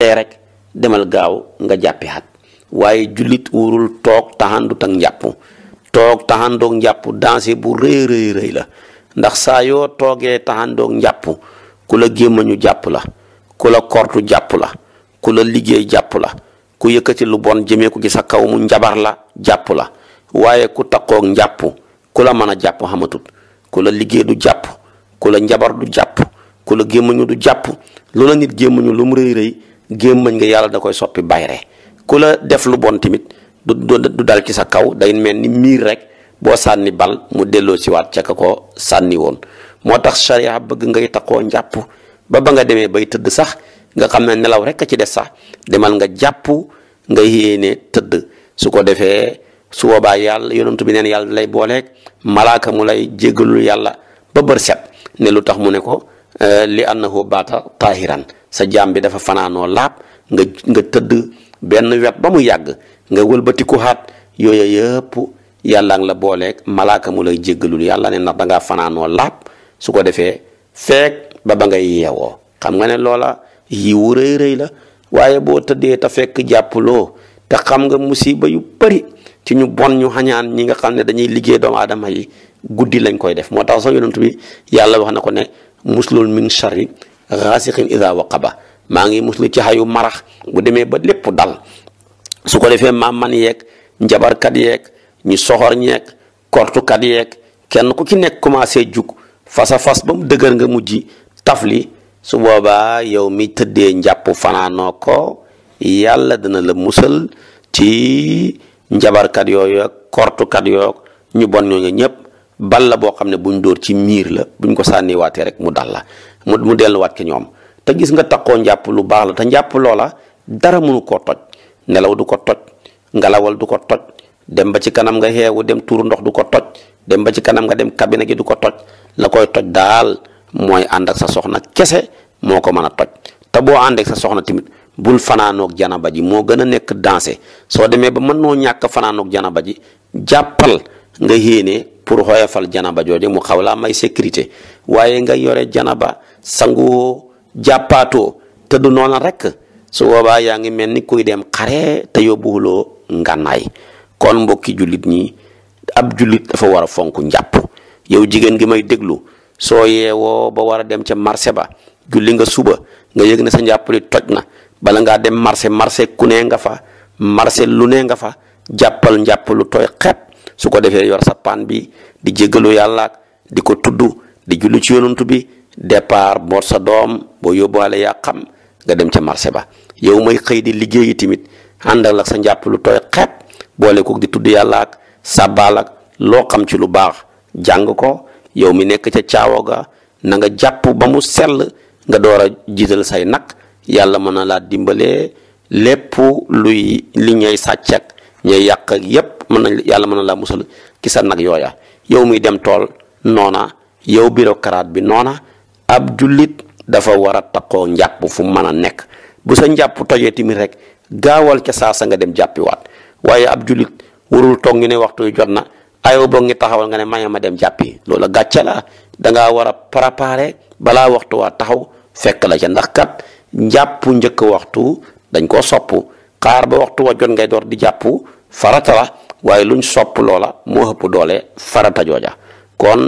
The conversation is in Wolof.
tey demal gaaw nga jàppi xat waaye jullit wurul toog taxandu ak njàpp toog taxandoog njàpp dansé bu rëy rëy la ndax saa yoo toogee taxandoog njàpp ku la gémmañu jàpp la ku jàpp la ku la liggéey jàpp la ku yëkkati lu bon jëmee ko ci sa kaw mu njabar la jàpp la waaye ku taqoog njàpp ku la mën a jàpp xamatut ku la liggéey du jàpp ku la njabar du jàpp ku la gémmañu du jàpp lu nit gémmañu lu mu rëy rëy gémmañ nga yàlla da koy soppi bayre ku la def lu bon tamit du du dal ci sa kaw day mel ni miir rek boo sànni bal mu delloo si waat ca ko sànni woon moo tax charia bëgg ngay takkoo njàpp ba ba nga demee bay tëdd sax nga xam ne nelaw rek a ci des sax demal nga jàpp nga yéene tëdd su ko defee su boobaa yàlla yonantu bi neen yàlla lay booleeg malaaka mu lay jéggalul yàlla ba bër set ne lu tax mu ne ko eh, li annahu baata taahiran sa jaam bi dafa fanaanoo laab nga nga tëdd benn wet ba mu yàgg nga wëlbatiku xaat yooyu yëpp yàlla ngi la booleeg malaaka mu lay jéggalul yàlla ne ndax da ngaa fanaanoo laab su ko defee feek ba ba ngay yeewoo xam nga ne loola yi wu rëy rëy la waaye boo tëddee te fekk jàppuloo te xam nga musiba yu bari ci ñu bon ñu xañaan ñi nga xam ne dañuy liggéey doomu aadama yi guddi lañ koy def moo tax sax yonent bi yàlla wax na ko ne muslul min sharri xaasixin ida waqaba maa ngi muslu ci xayu marax bu demee ba lépp dal su ko defee maam man yeeg njabarkat yeek ñu soxor ñeeg kortukat yeek kenn ku ci nekk commencé jug fasa fas ba mu dëgër nga mujj tafli su boobaa yow mi tëddee njàpp fanaanoo ko yàlla dina la musal ci njabarkat yooyu ak kortukat yooyu ñu bon ñooñu ñëpp bal la boo xam ne bu ñu dóor ci miir la buñ ko sànniwaatee rek mu dal la mu mu delluwaat ke ñoom te gis nga takkoo njàpp lu baax la te njàpp loola dara mënu koo toj nelaw du ko toj ngalawal du ko toj dem ba ci kanam nga xeewu dem tuur ndox du ko toj dem ba ci kanam nga dem kabine gi du ko toj la koy toj daal mooy ànd ak sa soxna kese moo ko mën a toj te boo ànd ak sa soxna tamit bul fanaanoog janaba ji moo gën a nekk danse soo demee ba mën noo ñàkk fanaanoog janaba ji jàppal nga héene pour fal janaba jooje mu xawla may sécurité waaye nga yore janaba sangu jàppaatoo du noona rek su boobaa yaa ngi mel ni kuy dem xare te yóbbuwuloo ngànnaay kon mbokki julit ñi ab julit dafa war a fonk njàpp yow jigéen gi may déglu soo yeewoo ba war dem ca marché ba julli nga suba nga yëg ne sa njàpp li toj na bala ngaa dem marché marché ku ne nga fa marché lu nga fa jàppal njàpp lu toy xepp su ko defee yor sa pan bi di jégalu yàlla di ko tudd di julli ci yonantu bi départ boot sa doom boo yóbbuwaale yaa xam nga dem ca marché ba yow may xëy di liggéeyi timit àndal ak sa njàpp lu toy xeeb boole di tudd yàlla ak sàbbaal ak loo xam ci lu baax jàng ko yow mi nekk ca caawoo ga na nga jàpp ba mu sell nga door a jiital say nag yàlla mën na laa luy li ñay ñay yak ak yépp man yalla man la musal ki sa nak yoya yow muy dem tol nona yow bureaucrate bi nona ab julit dafa wara takko taqoo fu mën a bu sa njàpp toje timi rek ci sa sa nga dem wat waye ab julit warul tok ngi ne waxtu jotna ayo bo ngi taxawal nga ne maye ma dem jappi loola gatcha la da nga wara préparer bala waxtu wa taxaw fekk la ci ndax kat njàpp ñeuk waxtu dañ ko soppu xaar ba waxtu wa jot ngay door di jàppu farata la waaye lu luñ sopp loola moo ëpp doole farata jooja kon